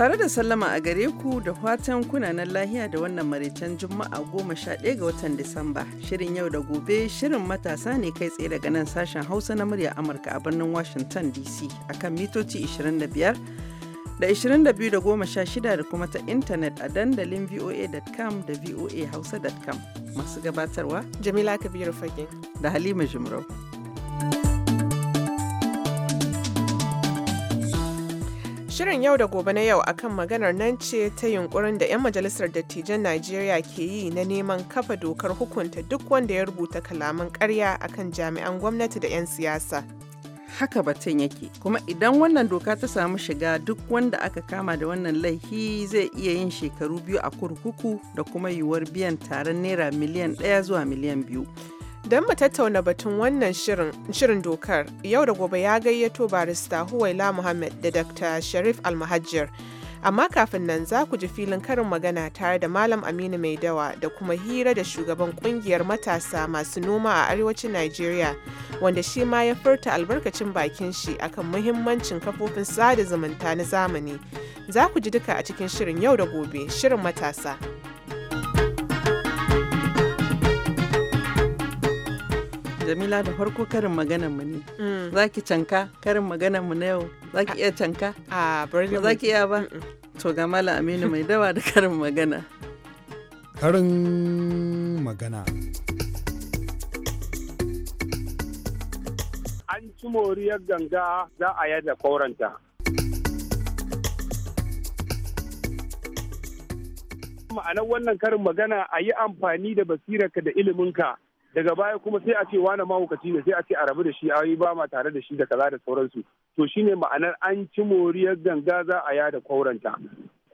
Tare da sallama a gare ku da fatan kunanan lahiya da wannan maraicen Juma'a goma sha ɗaya ga watan Disamba. Shirin yau da gobe shirin matasa ne kai tsaye daga nan sashen Hausa na murya Amurka a birnin Washington DC akan mitoci 25 da 22 da goma sha shida da kuma ta intanet a dandalin voa.com da voahausa.com. Masu gabatarwa Jamila Kabiru Fage da Halima Jumrau. Shirin yau da gobe na yau akan maganar nan ce ta yunkurin da 'yan majalisar dattijan Najeriya ke yi na neman kafa dokar hukunta duk wanda ya rubuta kalaman karya akan jami'an gwamnati da 'yan siyasa. Haka batun yake, kuma idan wannan doka ta samu shiga duk wanda aka kama da wannan laifi zai iya yin shekaru biyu a kurkuku da kuma yiwuwar biyan taron naira miliyan ɗaya zuwa miliyan biyu. Don mu tattauna batun wannan shirin dokar, yau da gobe ya gayyato barista Huwaila Muhammad da Dr. Sharif almahajjar Amma kafin nan za ku ji filin karin magana tare da Malam Aminu mai dawa da kuma hira da shugaban kungiyar matasa masu noma a arewacin Najeriya, wanda shi ma ya furta albarkacin bakin shi akan muhimmancin kafofin sada zumunta na zamani. Za ku ji duka a cikin shirin yau da gobe, shirin matasa. Jamila da farko karin maganar mu ne. Mm. Za ki canka karin maganar mu na yau. Za ki iya canka? A bari Za ki iya ba? To ga Malam Aminu mai dawa da karin magana. Karin magana. An ci moriyar ganga za a yada kauranta. ma'anar wannan karin magana a yi amfani da basirarka da iliminka daga baya kuma sai a ce wani mahaukaci ne sai a ce a rabu da shi a yi ba ma tare da shi da kaza da sauransu to shine ma'anar an ci moriyar ganga za a yada kwauranta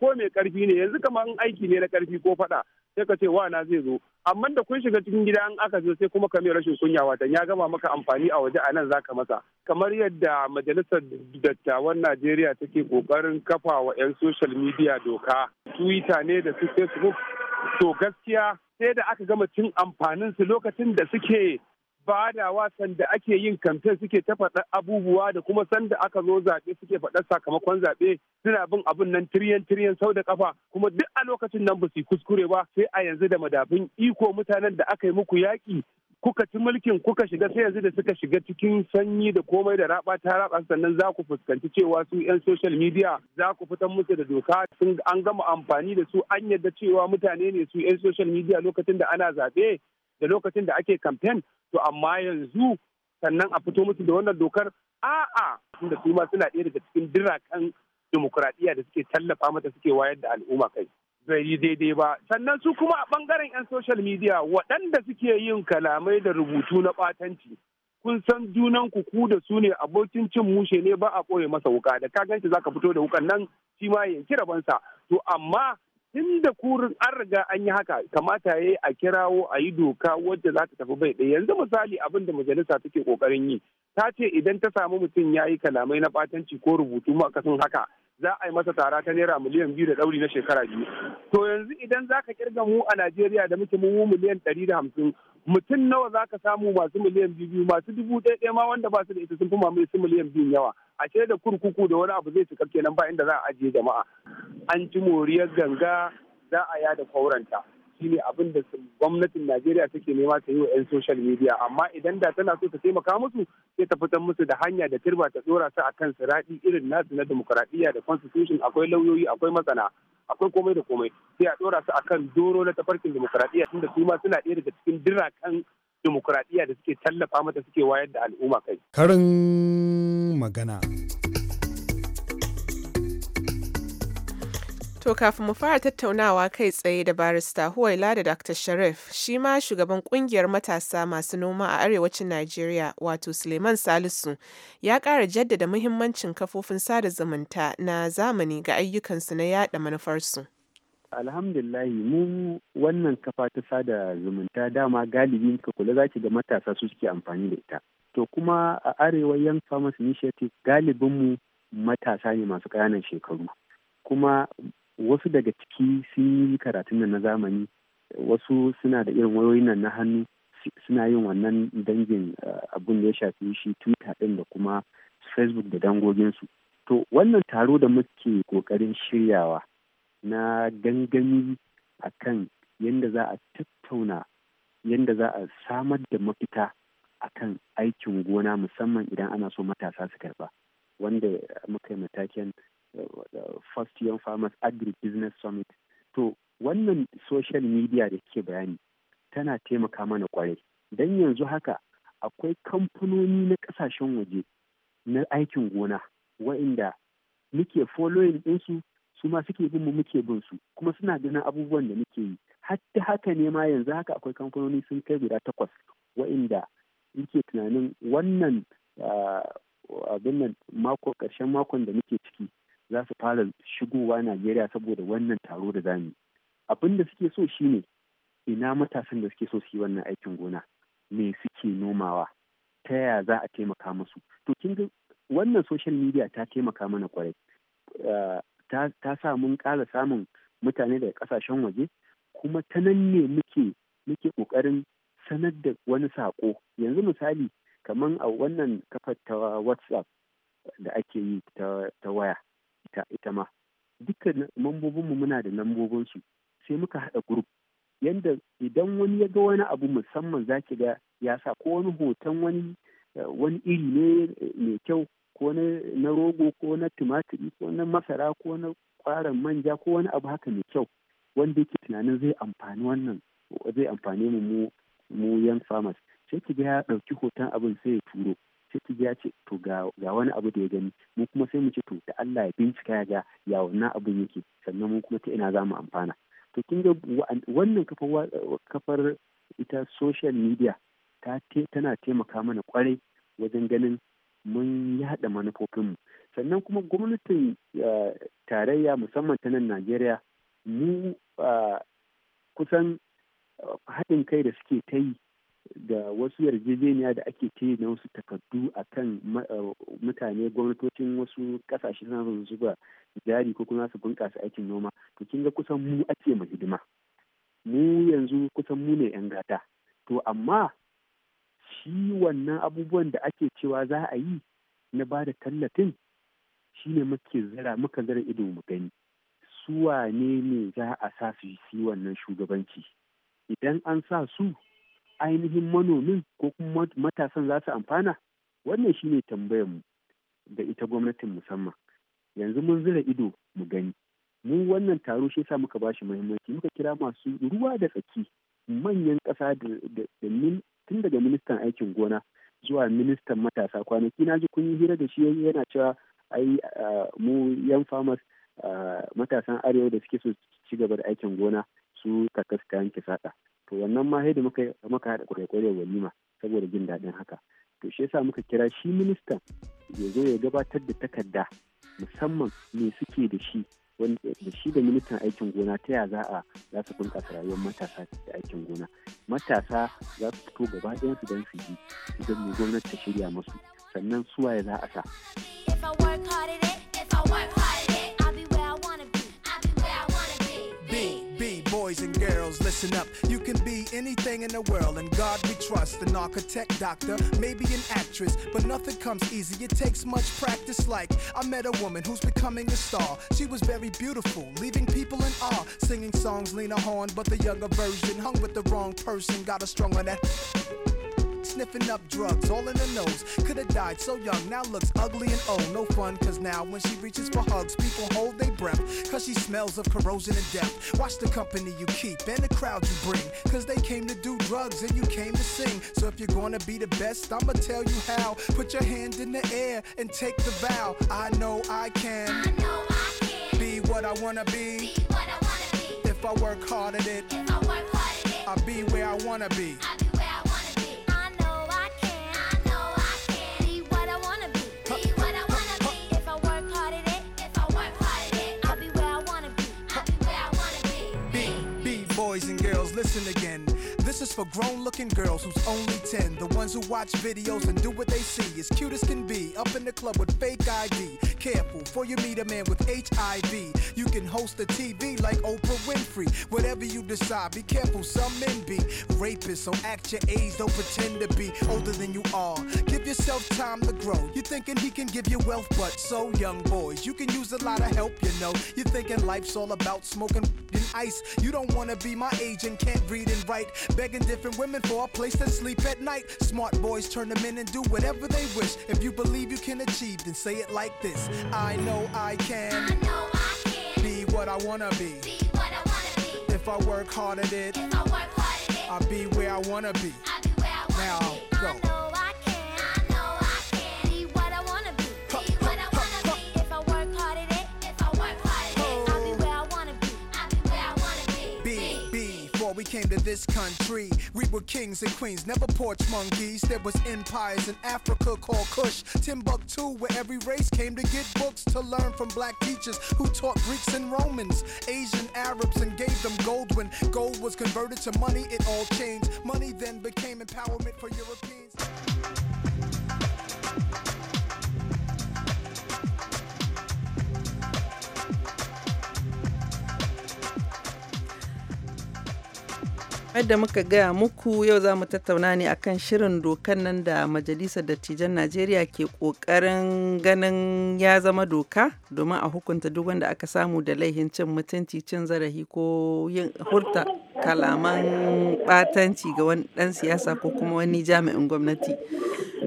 ko mai karfi ne yanzu kamar in aiki ne na karfi ko fada sai ka ce wana zai zo amma da kun shiga cikin gida an aka zo sai kuma ka mai rashin kunya watan ya gama maka amfani a waje a nan zaka masa kamar yadda majalisar dattawan Najeriya take kokarin kafa wa 'yan social media doka Twitter ne da su Facebook to gaskiya sai da aka gama cin amfanin su lokacin da suke badawa sanda ake yin kamfen suke ta faɗa abubuwa da kuma sanda aka zo zaɓe suke faɗa sakamakon zaɓe suna bin abun nan tiriyan tiriyan sau da kafa kuma duk a lokacin nan ba su kuskure ba sai a yanzu da madafin iko mutanen da aka yi muku yaƙi kuka ci mulkin kuka shiga sai yanzu da suka shiga cikin sanyi da komai da raba ta raba sannan za ku fuskanci cewa su yan social media za ku fitan musu da doka sun an gama amfani da su an yarda cewa mutane ne su yan social media lokacin da ana zaɓe da lokacin da ake campaign to amma yanzu sannan a fito musu da wannan dokar a'a da su ma suna ɗaya daga cikin dirakan dimokuraɗiyya da suke tallafa mata suke wayar da al'umma kai. zai daidai ba sannan su kuma a bangaren 'yan social media waɗanda suke yin kalamai da rubutu na batanci kun san junan ku ku da su ne abokin cin mushe ne ba a ɓoye masa wuka da ka ganci zaka fito da wukan nan shi ma ya kira bansa to amma inda kurin an riga an yi haka kamata ya a kirawo a yi doka wadda za ta tafi bai ɗaya yanzu misali abin da majalisa take kokarin yi ta ce idan ta samu mutum ya yi kalamai na batanci ko rubutu ma haka za a yi masa tara ta naira miliyan biyu da ɗauri na shekara biyu to yanzu idan za ka kirga mu a najeriya da muke mu miliyan ɗari da hamsin mutum nawa za ka samu masu miliyan biyu masu dubu ɗaya ma wanda ba su da ita sun fi mamaye su miliyan biyu yawa ashe da kurkuku da wani abu zai cika kenan ba inda za a ajiye jama'a an ci moriyar ganga za a yada kwauranta shine abin da gwamnatin Najeriya take nema ta yi wa 'yan social media amma idan da tana so ta taimaka musu sai ta fitar musu da hanya da turba ta tsora su akan siradi irin nasu na demokuraɗiyya da constitution akwai lauyoyi akwai masana akwai komai da komai sai a tsora su akan doro na tafarkin demokuraɗiyya tunda su ma suna ɗaya daga cikin dirakan demokuraɗiyya da suke tallafa mata suke wayar da al'umma kai. Karin magana. To kafin mu fara tattaunawa kai tsaye da barista Huwaila da Dr. Sharif, shi ma shugaban kungiyar matasa masu noma a arewacin Najeriya wato Suleiman Salisu ya ƙara jaddada muhimmancin kafofin sada zumunta na zamani ga ayyukansu na yada manufarsu. alhamdulillahi mu wannan kafa ta sada zumunta dama galibi ka kula zaki ga matasa su suke amfani da ita to kuma a arewa yan farmers initiative galibinmu matasa ne masu ƙananan shekaru kuma wasu daga ciki sun yi karatun na zamani wasu suna da irin wayoyin nan na hannu suna yin wannan dangin eh, abin da ya shafi shi twitter ɗin da kuma facebook da dangoginsu to wannan taro da muke ƙoƙarin shiryawa na gangami a kan yadda za a tattauna yadda za a samar da mafita a kan aikin gona musamman idan ana so matasa su karba wanda muka yi matakin Uh, uh, first year farmers agri business summit to wannan social media da ke bayani tana taimaka mana kwarai don yanzu haka akwai kamfanoni na kasashen waje na aikin gona wa'inda muke following ɗinsu su ma suke bin mu muke bin su kuma suna ganin abubuwan da muke yi hatta haka ne ma yanzu haka akwai kamfanoni sun kai guda takwas wa'inda muke tunanin wannan uh, abin nan mako ƙarshen makon da muke ciki za su fara shigowa Najeriya saboda wannan taro da zamu abin da suke so shine ina matasan da suke so su yi wannan aikin gona me suke nomawa ta yaya za a taimaka musu to kin ga wannan social media ta taimaka mana kwarai eh, ta sa mun ƙara samun mutane daga ƙasashen waje kuma ta nan ne muke muke ƙoƙarin sanar da wani saƙo yanzu misali kaman a wannan kafar ta whatsapp da ake yi ta waya ita ita ma dukkan mambobinmu muna da lambobinsu sai muka haɗa grup yadda idan wani ya ga wani abu musamman za ki ga ya sa ko wani hoton wani eh, wani iri ne eh, mai kyau ko na rogo ko na tumatiri ko na masara ko na kwaran manja ko wani abu haka mai kyau wanda yake tunanin zai amfani wannan zai amfani mu mu yan farmers sai ki ga ya ɗauki hoton abin sai ya turo sai ki ya ce to ga wani abu da ya gani mu kuma sai mu ce to da Allah ya bincika ya ga ya wannan abun yake sannan mu kuma ta ina za mu amfana to kin ga wannan kafar kafar ita social media ta tana taimaka mana kwarai wajen ganin mun yada mu? sannan kuma gwamnatin tarayya musamman ta nan Najeriya mu kusan haɗin kai da suke ta yi da wasu yarjejeniya da ake ce na wasu takardu a kan eh, mutane gwamnatocin wasu kasashe na zuwa zuba jari ko kuma su bunƙasa aikin noma to kin ga kusan mu ake ma hidima mu yanzu kusan mu ne 'yan gata to amma shi wannan abubuwan da ake cewa za a yi na ba da tallafin shi ne muke zira muka zira ido mu gani su wane ne za a sa su yi wannan shugabanci idan an sa su ainihin manomin ko kuma matasan za su amfana wannan shine tambayar mu da ita gwamnatin musamman yanzu mun zira ido mu gani mu wannan taro shi yasa muka bashi muhimmanci muka kira masu ruwa da tsaki manyan ƙasa da tun daga ministan aikin gona zuwa ministan matasa kwanaki na ji kun yi hira da shi yana cewa ai ah, mu yan farmers ah, matasan arewa da suke so ci gaba da aikin gona su kakas yanke sada to wannan ma da muka muka haɗa kwaikwayo walima saboda jin daɗin haka to shi yasa muka kira shi ministan ya zo ya gabatar da takarda musamman me suke da shi da shi da ministan aikin gona ta ya za a za su bunƙasa rayuwar matasa da aikin gona matasa za su fito gaba ɗaya su dan su ji idan gwamnati ta shirya musu sannan suwaye za a sa. boys and girls, listen up. You can be anything in the world, and God we trust. An architect, doctor, maybe an actress, but nothing comes easy. It takes much practice. Like, I met a woman who's becoming a star. She was very beautiful, leaving people in awe. Singing songs, Lena Horne, but the younger version hung with the wrong person. Got a strong one that sniffing up drugs all in her nose. Could have died so young, now looks ugly and old. No fun, cause now when she reaches for hugs, people hold their breath. Cause she smells of corrosion and death. Watch the company you keep and the crowd you bring. Cause they came to do drugs and you came to sing. So if you're gonna be the best, I'ma tell you how. Put your hand in the air and take the vow. I know I can. I know I can. Be what I wanna be. be, what I wanna be. If I work hard at it. If I work hard at it. I'll be where I wanna be. listen again. This is for grown looking girls who's only 10. The ones who watch videos and do what they see. As cute as can be, up in the club with fake ID. Careful, for you meet a man with HIV. You can host a TV like Oprah Winfrey. Whatever you decide, be careful, some men be rapists. So act your age, don't pretend to be older than you are. Give yourself time to grow. You're thinking he can give you wealth, but so young boys, you can use a lot of help, you know. You're thinking life's all about smoking and ice. You don't wanna be my age and can't read and write begging different women for a place to sleep at night. Smart boys turn them in and do whatever they wish. If you believe you can achieve, then say it like this I know I can. I know I can. Be what I wanna be. Be what I wanna be. If I work hard at it. If I work hard at it. I'll be where I wanna be. I'll be where I wanna now, be. Go. we came to this country. We were kings and queens, never porch monkeys. There was empires in Africa called Kush, Timbuktu, where every race came to get books to learn from black teachers who taught Greeks and Romans, Asian Arabs, and gave them gold. When gold was converted to money, it all changed. Money then became empowerment for Europeans. Yadda muka gaya muku yau za mu tattauna ne akan shirin dokan nan da Majalisar Dattijan Najeriya ke kokarin ganin ya zama doka domin a hukunta duk wanda aka samu da laihin cin mutunci cin zarafi ko yin hurta kalaman batanci ga wani dan siyasa ko kuma wani jami'in gwamnati.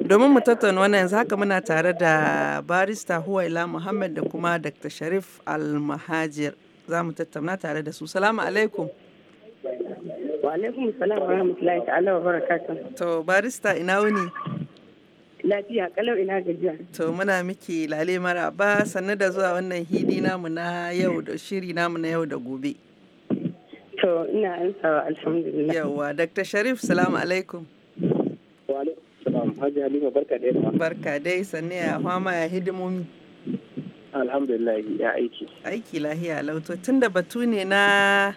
Domin mu tattauna wannan yanzu haka muna tare da barista Huwaila Muhammad da kuma Dr. Sharif Almahajir. Za mu tattauna tare da su. Salamu alaikum. Wa alaikum salam wa rahmatullahi ta'ala wa barakatuh. To barista ina wuni? Lafiya kalau ina gajiya. To muna miki lale maraba sannu da zuwa wannan hidi namu na yau da shiri namu na yau da gobe. To ina ansawa alhamdulillah. Yawwa Dr. Sharif salamu alaikum. Wa alaikum Hajji Halima barka dai da Barka dai sannu ya fama ya hidimomi. alhamdulillah ya aiki aiki lahiya lauto tunda batu ne na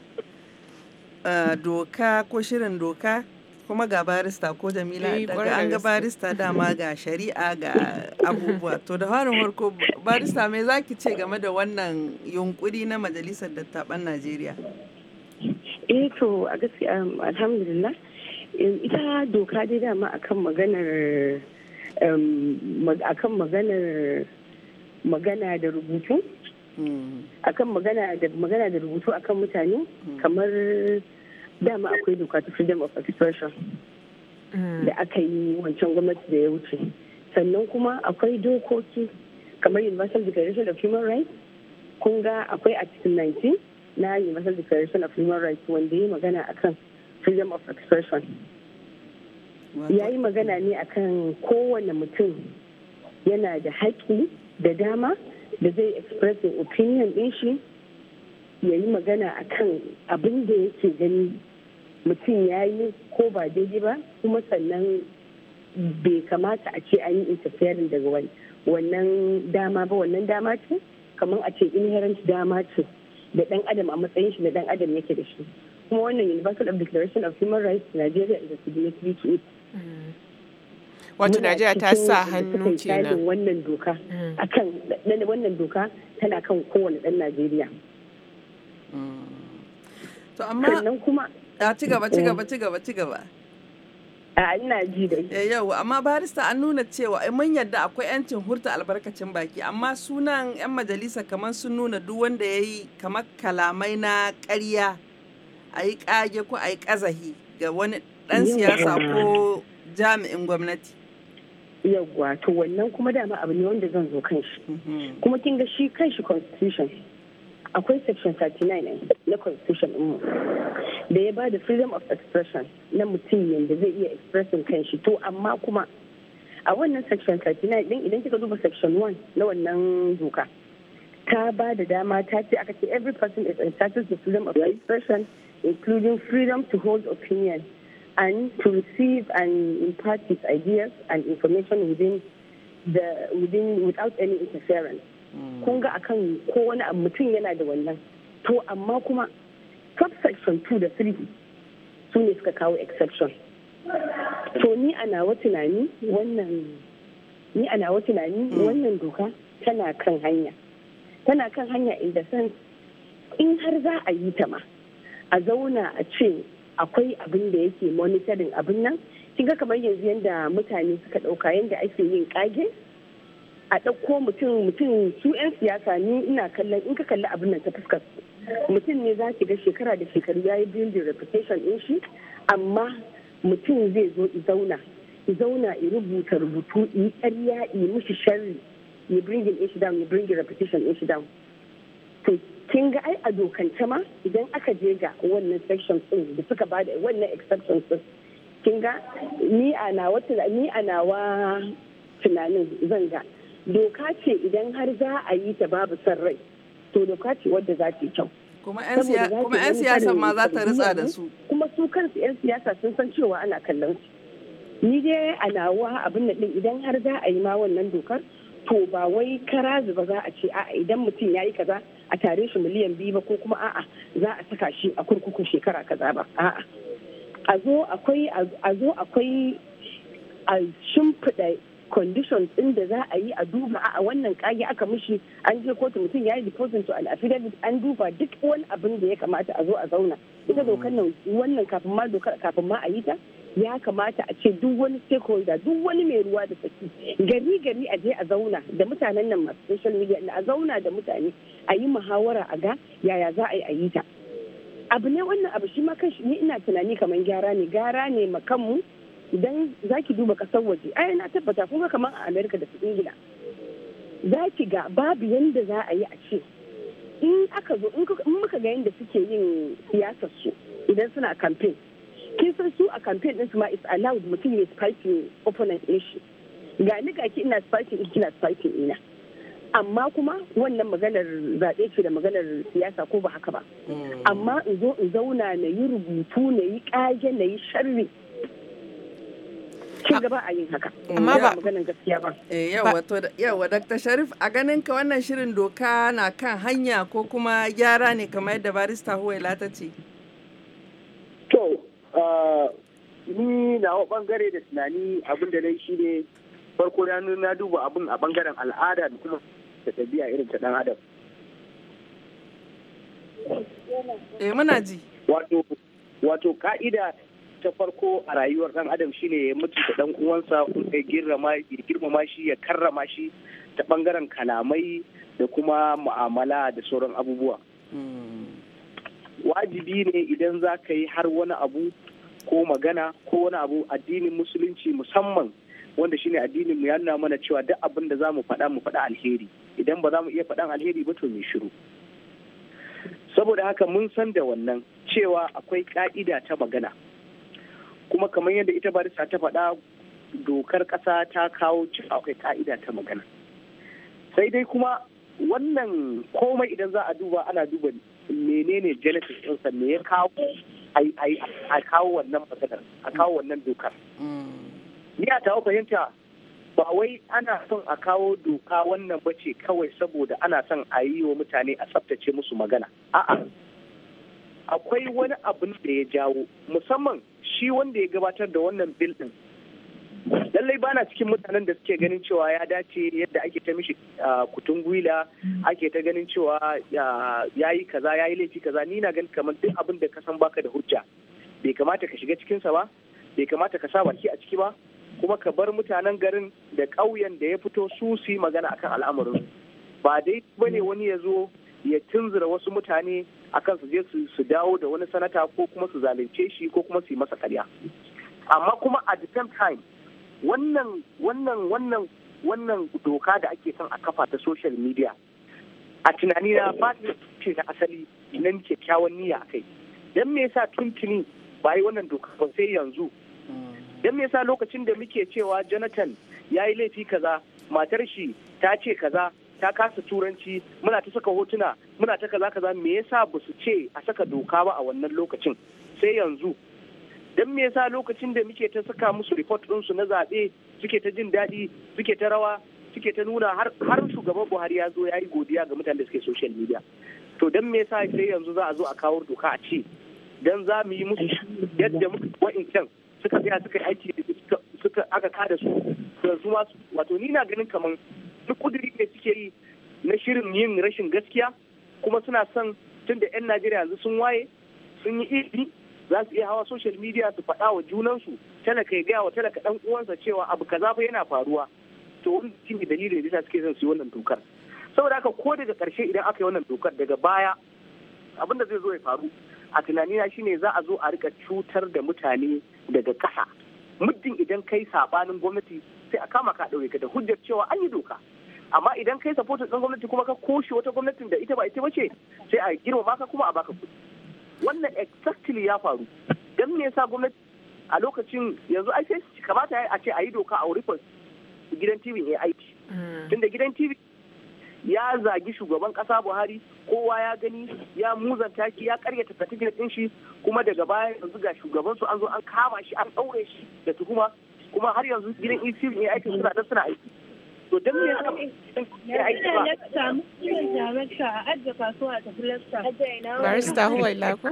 Eh, doka ko shirin doka kuma ga barista ko jamila eh, daga an ga barista dama ga shari'a ga abubuwa to da farin harko barista me zaki ce game da wannan yunkuri na majalisar dattaban najeriya eh to a gaskiya alhamdulillah eh, ita doka dai dama akan maganar akan maganar magana da rubutu akan magana da magana da rubutu akan mutane kamar dama akwai doka ta freedom of expression mm. da aka yi wancan gwamnati da ya wuce sannan kuma akwai dokoki kamar universal declaration of human rights kun ga akwai article 19 na universal declaration of human rights wanda ya magana akan freedom of expression ya yi magana ne akan kowane mutum yana da haƙƙi da dama da zai express the opinion din shi ya yi magana a kan abin da yake gani mutum ya yi ko ba daidai ba kuma sannan bai kamata a ce an yi interfering daga wannan dama ba wannan dama ce kamar a ce inherent dama ce da dan adam a matsayin shi da dan adam yake da shi kuma wannan universal of declaration of human rights nigeria is a signatory to it wato Najeriya ta sa hannu kenan wannan doka mm. akan wannan doka tana kan kowane dan Najeriya mm. to amma sannan kuma a ci gaba ci eh. gaba ci gaba ci gaba a ina ji da eh, yau amma barista an nuna cewa eh, mun yadda akwai yancin hurta albarkacin baki amma sunan yan majalisa kamar sun nuna duk wanda ya yi kamar kalamai na ƙarya a yi ko a yi ƙazahi ga wani ɗan siyasa ko jami'in gwamnati yawwa to wannan kuma dama abu ne wanda zan zo kan shi mhm. kuma kin ga shi kan shi constitution akwai section 39 na constitution mu da ya ba da freedom of expression na mutum yadda zai iya expressing kan shi to amma kuma a wannan section 39 din idan kika duba section 1 na wannan doka ta ba da dama ta ce aka ce every person is entitled to freedom of expression including freedom to hold opinion and to receive and impart his ideas and information within the within without any interference hmm. kun ga akan wani mutum yana da wannan to amma kuma subsection 2 da 3 su ne suka kawo exception to ni a nawa tunani wannan ni a nawa tunani hmm. wannan doka tana kan hanya tana kan hanya in da sense in har za a yi ta ma a zauna a ce akwai abin da yake monitoring abin nan kin ga kamar yanzu yadda mutane suka dauka yadda ake yin kage a dauko mutum mutum su 'yan siyasa ni ina kallon in ka kalli abin nan ta fuskar mutum ne za ki ga shekara da shekaru ya yi building reputation in shi amma mutum zai zo i zauna i zauna i rubuta rubutu i ƙarya i mushi sharri you bring in issue down bring in reputation issue down to kin ga ai a dokance ma idan aka je ga wannan section din da suka bada wannan exception. din kin ga ni a nawa ni a nawa tunanin zan ga doka ce idan har za a yi ta babu san rai to doka ce wadda za ta yi kyau kuma 'yan siyasa ma za ta ritsa da su kuma su kansu 'yan siyasa sun san cewa ana kallon su ni dai a nawa abin da idan har za a yi ma wannan dokar to ba wai karazu ba za a ce a idan mutum ya yi kaza a tare shi miliyan biyu ba ko kuma a'a za a saka shi a kurkuku shekara kaza ba a'a a zo akwai a zo akwai shimfiɗa conditions ɗin da za a yi a duba a'a wannan kage aka mishi an je kotu mutum ya yi deposit to an affidavit an duba duk wani abin da ya kamata a zo a zauna ita dokar nan wannan kafin ma dokar kafin ma a yi ta ya kamata a ce duk wani stakeholder duk wani mai ruwa da saki gari gari a je a zauna da mutanen nan masu social media a zauna da mutane a yi muhawara a ga yaya za a yi a yi ta abu ne wannan abu shi ma kashi ni ina tunani kamar gyara ne gyara ne ma kanmu idan za ki duba kasar waje ai na tabbata kuma kamar a america da su ingila za ki ga babu yanda za a yi a ce in aka zo in muka ga yadda suke yin siyasar su idan suna campaign kin san su a campaign din su ma is allowed mutum ya spiking opponent din shi ga ni ga ki ina spiking kina spiking ina amma kuma wannan maganar zaɓe ce da maganar siyasa ko ba haka ba mm. amma in zo in zauna na yi rubutu na yi ƙage na yi sharri kin gaba a yin haka mm. amma ba maganar gaskiya ba eh, yawa dr sharif a ganin ka wannan shirin doka na kan hanya ko kuma gyara ne kamar yadda barista huwaila ta ce Ah, ni nawa bangare da tunani abin da dai shi ne farko na na duba abin a bangaren al'ada da kuma da tabiya irin ta dan adam eh muna ji wato wato ka'ida ta farko a rayuwar dan adam shine ya mutu da dan uwansa ya girmama girmama shi ya karrama shi ta bangaren kalamai da kuma mu'amala da sauran abubuwa hmm. wajibi ne idan za ka yi har wani abu ko magana ko wani abu addinin musulunci musamman wanda shine addinin mu ya nuna mana cewa duk abin da zamu faɗa mu faɗa alheri idan ba za mu iya faɗan alheri ba to me shiru saboda haka mun san da wannan cewa akwai ka'ida ta magana kuma kamar yadda ita barisa ta faɗa dokar ƙasa ta kawo cewa akwai ka'ida ta magana sai dai kuma wannan komai idan za a duba ana duba menene genesis ɗinsa me ya kawo a kawo wannan maganar a kawo wannan dokar ni a tawo fahimta ba wai ana son a kawo doka wannan bace kawai saboda ana son a yi wa mutane a tsaftace musu magana a'a akwai wani abin da ya jawo musamman shi wanda ya gabatar da wannan bil din lallai bana cikin mutanen da suke ganin cewa ya dace yadda ake ta mishi kutun gwila ake ta ganin cewa ya yi kaza ya yi laifi kaza ni na ganin kamar duk abin da ka san baka da hujja bai kamata ka shiga cikinsa ba bai kamata ka sa baki a ciki ba kuma ka bar mutanen garin da ƙauyen da ya fito su su yi magana akan al'amarin ba dai ne wani ya zo ya tunzura wasu mutane akan su je su dawo da wani sanata ko kuma su zalunce shi ko kuma su yi masa karya amma kuma at the same time wannan wannan wannan wannan doka da ake son a kafa ta social media a tunani na ba ce na asali nan kyakkyawan niyya a kai don me yasa tuntuni ba yi wannan doka ba sai yanzu don me yasa lokacin da muke cewa jonathan ya yi laifi kaza matar shi ta ce kaza ta kasa turanci muna ta saka hotuna muna ta kaza kaza me yasa ba su ce a saka doka ba a wannan lokacin sai yanzu don me yasa lokacin da muke ta saka musu report su na zaɓe suke ta jin daɗi suke ta rawa suke ta nuna har shugaban buhari ya zo ya yi godiya ga mutane da suke social media to don me yasa sai yanzu za a zo a kawo doka a ce don za mu yi musu yadda wa'incan suka tsaya suka yi aiki suka aka kada su yanzu masu wato ni na ganin kamar duk kuduri ne suke yi na shirin yin rashin gaskiya kuma suna son tunda 'yan najeriya yanzu sun waye sun yi ilimi za su iya hawa social media su faɗa wa su talaka ya gaya wa talaka dan uwansa cewa abu kaza fa yana faruwa to wani ne dalilin da suke son su yi wannan dokar saboda haka ko daga karshe idan aka yi wannan dokar daga baya abin da zai zo ya faru a tunani na shine za a zo a rika cutar da mutane daga ƙasa muddin idan kai sabanin gwamnati sai a kama ka ɗaure ka da hujjar cewa an yi doka amma idan kai sapotin ɗan gwamnati kuma ka koshe wata gwamnatin da ita ba ita ba ce sai a girmama ka kuma a baka kuɗi wannan exactly ya faru don me yasa gwamnati a lokacin yanzu ai sai kamata a ce a yi doka a wurin gidan TV ne aiki hmm. tunda gidan TV ya zagi shugaban kasa Buhari kowa ya gani ya muzanta shi ya karyata certificate din shi kuma daga baya yanzu ga shugaban su an zo an kama shi an daure shi da tuhuma kuma har yanzu gidan ECV ne suna dan suna aiki to don me haka ya eh, samu kiran jamarta a ajiye kasuwa ta filasta barista huwa ilako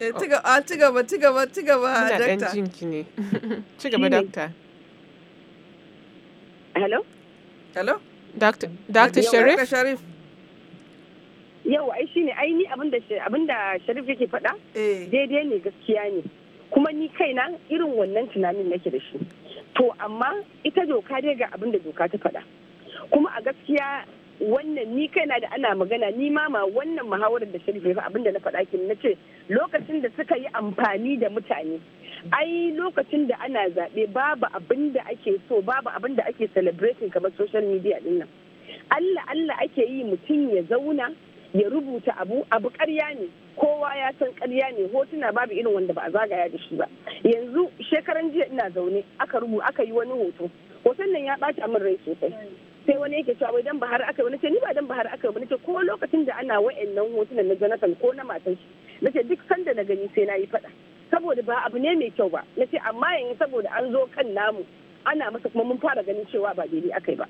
eh, a ci gaba ci gaba ci gaba dakta ina dan jinki ne ci gaba dakta hello hello Dr. Sharif? Dr. Sharif. Yau, ai ne ai ni abinda Sharif yake faɗa eh. daidai ne gaskiya ne. Kuma ni kaina irin wannan tunanin nake da shi. to amma ita doka dai ga abin da doka ta faɗa kuma a gaskiya wannan ni kai na da ana magana ni ma ma wannan muhawarar da sharife fa da na faɗa kin nace lokacin da suka yi amfani da mutane ai lokacin da ana zaɓe babu abin da ake so babu abin da ake celebrating kamar social media din nan Allah Allah ake yi mutum ya zauna ya rubuta abu abu karya ne kowa ya san karya ne hotuna babu irin wanda ba a zagaya da shi ba yanzu shekaran jiya ina zaune aka rubu aka yi wani hoto hoton nan ya ɓata min rai sosai sai wani yake cewa dan bahar aka wani ce ni ba dan bahar aka wani ce ko lokacin da ana wa'annan hotuna na Jonathan ko na matan shi nace duk sanda na gani sai na yi faɗa saboda ba abu ne mai kyau ba nace amma yanzu saboda an zo kan namu ana masa kuma mun fara ganin cewa ba daidai yi ba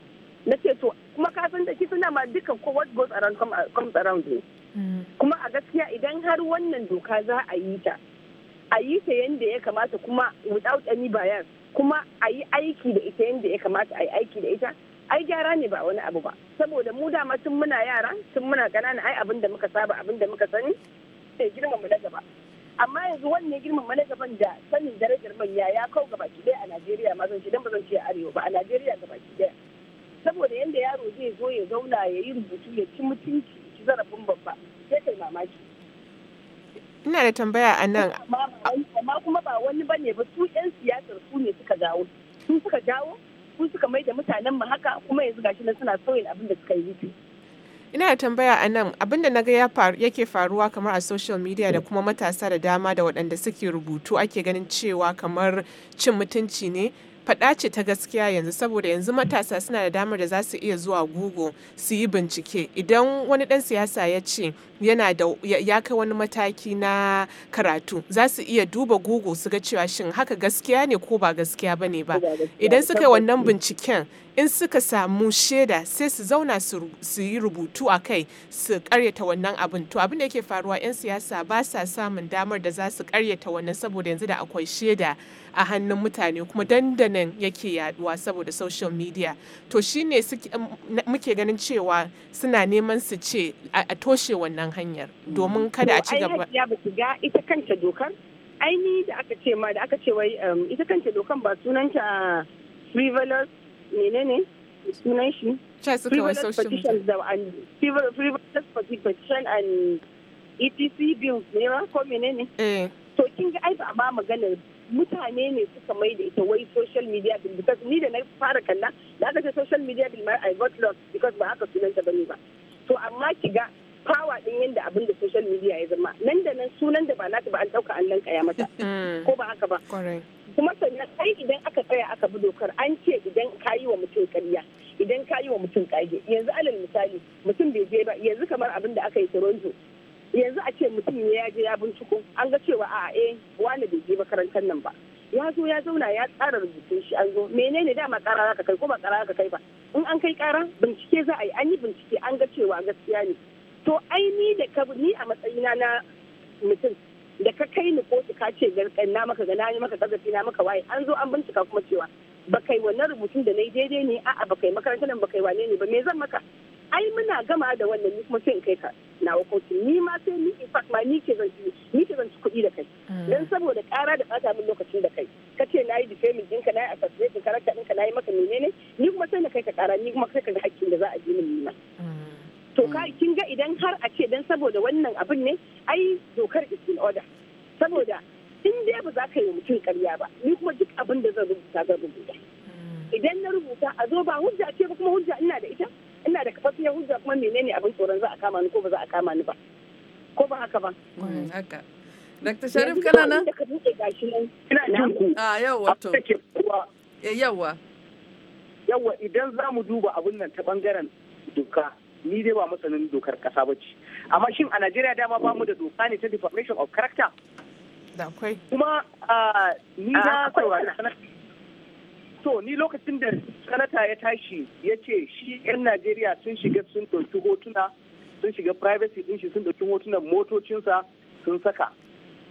na ce to kuma ka san da shi suna ma duka ko what goes around comes around ne mm. kuma a gaskiya idan har wannan doka za a yi ta a yi ta yanda ya kamata kuma without any bias kuma a yi aiki da ita yadda ya kamata a yi aiki da ita ai gyara ne ba wani abu ba saboda mu dama tun muna yara tun muna ƙanana ai abin da muka saba abin da muka sani sai girmama na gaba amma yanzu wannan girmama na gaban da sanin darajar manya ya kau gaba ki a Najeriya ma zan ce dan ba zan ce arewa ba a Najeriya gaba ki saboda yadda yaro zai zo ya zauna ya yi rubutu ya ci mutunci ci zarafin babba sai kai mamaki ina da tambaya a nan amma kuma ba wani bane ba su yan siyasar su ne suka jawo su suka jawo su suka mai da mutanen mu haka kuma yanzu gashi nan suna sauyin abin da suka yi rufe ina da tambaya a nan abin da naga yake faruwa kamar a social media da kuma matasa da dama da waɗanda suke rubutu ake ganin cewa kamar cin mutunci ne faɗa ce ta gaskiya yanzu saboda yanzu matasa suna da damar da za su iya zuwa google su yi bincike idan wani ɗan siyasa ya ce yana da ya kai wani mataki na karatu za su iya duba google su ga cewa shin haka gaskiya ne ko ba gaskiya ba ne ba idan suka yi wannan binciken in suka samu shaida sai su zauna su yi rubutu a kai su karyata wannan abin to abin da yake faruwa 'yan siyasa ba sa samun damar da za su karyata wannan saboda yanzu da akwai shaida a hannun mutane kuma dandanan yake yaduwa saboda social media to shine um, muke ganin cewa suna neman su ce a toshe wannan hanyar domin mm. kada a ci gaba ya ba ga ita kanta dokar aini da aka ce ma da aka ce wai um, ita kanta dokar ba sunanta frivolous menene sunan shi frivolous petitions frivolous petition and etc bills ne ko menene eh. to kin ga ai ba ma maganar mutane ne suka mai da ita wai social media bill because ni da na fara kalla da aka ce social media bill mai I got lost because ba haka sunanta bane ba to amma kiga kawa din yadda abin da social media ya zama nan da nan sunan da ba naka ba an dauka an lanka ya mata mm. ko ba haka ba kuma sannan kai idan aka tsaya aka bi dokar an ce idan ka yi wa mutum karya idan ka yi wa mutum kage yanzu alal misali mutum bai je ba yanzu kamar abin da aka yi Toronto yanzu a ce mutum ya je ya binciko an ga cewa a eh wani bai je makarantar nan ba ya zo ya zauna ya tsara rubutun shi an zo menene dama kara ka kai ko ba kara ka kai ba in an kai kara bincike za a yi an yi bincike an ga cewa gaskiya ne to ai ni da ka ni a matsayina na mutum da ka kai ni kotu ka ce na maka ga na maka kazafi na maka waye an zo an bincika kuma cewa ba kai wannan rubutun da na yi daidai ne a'a ba kai makarantar nan ba kai wane ne ba me zan maka ai muna gama da wannan ni kuma sai in kai ka nawa kotun ni ma sai ni in fact ma ni ke zan ni ke zan kuɗi da kai mm. dan saboda ƙara da ɓata min lokacin da kai kace nayi defaming ɗinka nayi assassination karakta ɗinka nayi maka menene ni kuma sai na kai ka ƙara ni kuma kai ka ga hakkin da za a ji min ni ma mm. to ka mm. kin ga idan har a ce dan saboda wannan abin ne ai dokar is in order saboda in dai ba za ka yi mutum ƙarya ba ni kuma duk abin da zan rubuta zan rubuta idan na rubuta a zo ba hujja ce ba kuma hujja ina da ita ina da kafafiyar hujja kuma menene abin tsoron za a kama ni ko ba za a kama ni ba ko ba haka ba mm. haka Dr. Sharif kana nan? Ina jin ku. Ah yawa to. Eh, yawa. Yawa idan za mu duba abin nan ta bangaren doka ni dai ba masanin dokar kasa ba ce. Amma shin a Najeriya dama ba mu da doka ne ta deformation of character? Da akwai. Kuma ah, ni na ah, saurari sanar to ni lokacin da sanata ya tashi ya ce shi 'yan najeriya sun shiga sun ɗauki hotuna sun shiga privacy din shi sun ɗauki hotunan motocinsa sun saka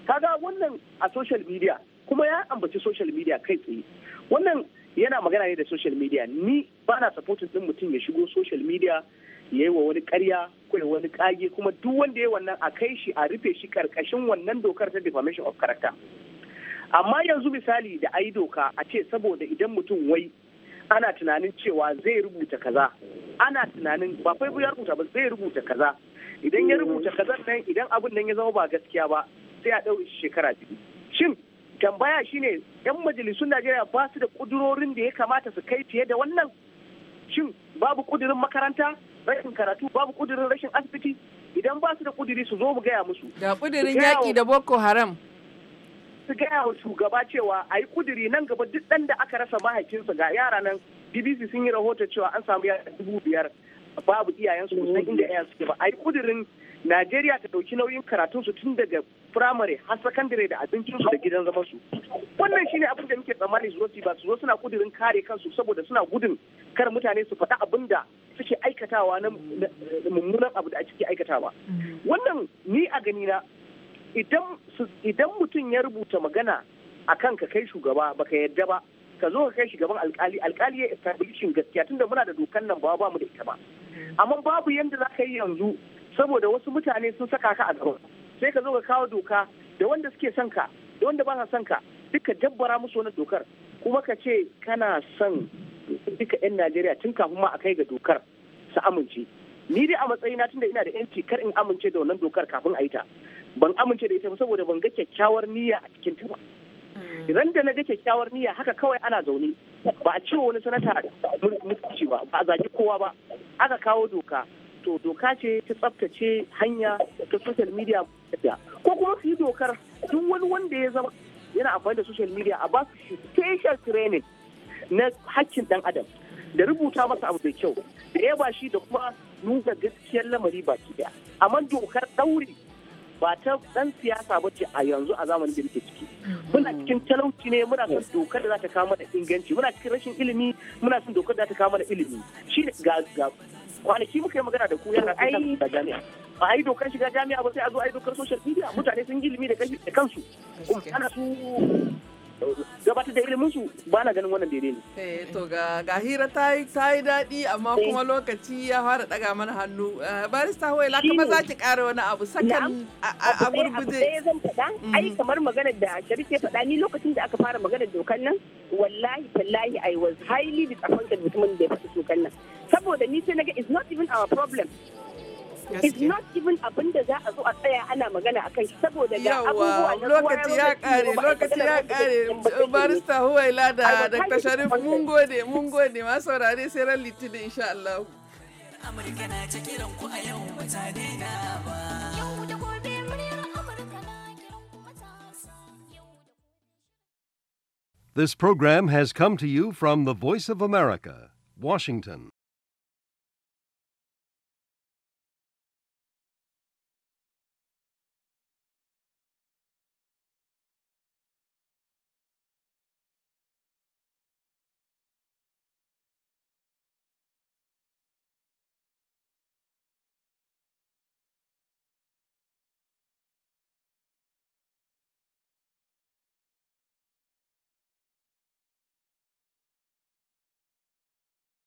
kaga wannan a social media kuma ya ambaci social media kai tsaye wannan yana magana ne da social media ni ba na supporting din mutum ya shigo social media ya yi wa wani karya ko ya wani kage kuma duk wanda ya wannan a kai shi a rufe shi karkashin wannan dokar ta defamation of character amma yanzu misali da ai doka a ce saboda idan mutum wai ana tunanin cewa zai rubuta kaza ana tunanin ba fai ya rubuta ba zai rubuta kaza idan ya rubuta kaza nan idan abin nan ya zama ba gaskiya ba sai a ɗau shekara biyu shin tambaya shine yan majalisun Najeriya ba su da kudurorin da ya kamata su kai fiye da wannan shin babu kudirin makaranta rashin karatu babu kudirin rashin asibiti idan ba su da kudiri su zo mu gaya musu da kudirin yaki da Boko Haram su gaya wa shugaba cewa a yi kuduri nan gaba duk ɗan da aka rasa mahaifinsa ga yara nan bbc sun yi rahoton cewa an samu yara dubu biyar babu iyayensu kusan inda yaya suke ba a yi kudirin najeriya ta dauki nauyin karatun su tun daga firamare har sakandare da abincinsu da gidan zama su wannan shine abin da muke tsammani su zoci ba su zo suna kudurin kare kansu saboda suna gudun kar mutane su faɗi abin da suke aikatawa na mummunan abu da ake aikatawa mm. wannan ni a ganina idan mutum ya rubuta magana a kan ka kai shugaba baka yadda ba ka zo ka kai shugaban alkali alkali ya establishin gaskiya tunda muna da dokan nan ba ba mu da ita ba amma babu yadda za ka yi yanzu saboda wasu mutane sun saka ka a gaba sai ka zo ka kawo doka da wanda suke son ka da wanda ba sa son ka duka dabbara musu wani dokar kuma ka ce kana son duka 'yan Najeriya tun kafin ma a kai ga dokar su amince ni dai a matsayina tunda ina da yanci kar in amince da wannan dokar kafin a yi ta ban amince da ita ba saboda ban ga kyakkyawar niyya a cikin ta ba idan hmm. da na ga kyakkyawar niyya haka kawai ana zaune ba a cewa wani sanata mutunci ba ba a zagi kowa ba aka kawo doka to doka ce ta tsaftace hanya ta social media ko kuma su yi dokar duk wani wanda ya zama yana amfani da social media a ba su special training na hakkin dan adam da rubuta masa abu mai kyau da ya ba shi da kuma nuna gaskiyar lamari baki daya amma dokar ɗauri ba ta dan siyasa ba ce a yanzu a zamanin da muke ciki muna mm-hmm. cikin talauci ne muna son dokar da za ta kama da inganci muna cikin rashin ilimi muna son dokar da za ta kama da ilimi shi ga ga kwanaki muka yi magana da ku yana kan da jami'a ba a yi dokar shiga jami'a ba sai a zo a yi dokar social media mutane sun yi ilimi da kansu kuma ana su gabatar da ilimin su ba na ganin wannan daidai ne. Eh, to ga hira ta yi daɗi amma eh. kuma lokaci ya fara ɗaga mana hannu. Eh, barista laka kuma za ki ƙara wani abu sakan a gurguje. Abu zan faɗa mm. ai kamar magana da Sharif ya faɗa ni lokacin da aka fara magana dokan nan wallahi tallahi I was highly disappointed mun da ya faɗi dokan nan. Saboda ni sai na ga it's not even our problem. not even abin da za a zo a tsaya ana magana a saboda ga abubuwa na lokaci ya kare lokaci ya kare barista huwaila da dr sharif mun gode mun gode ma saurare sai ran litinin insha Allah Amurka na ta kiran ku a yau ba This program has come to you from the Voice of America Washington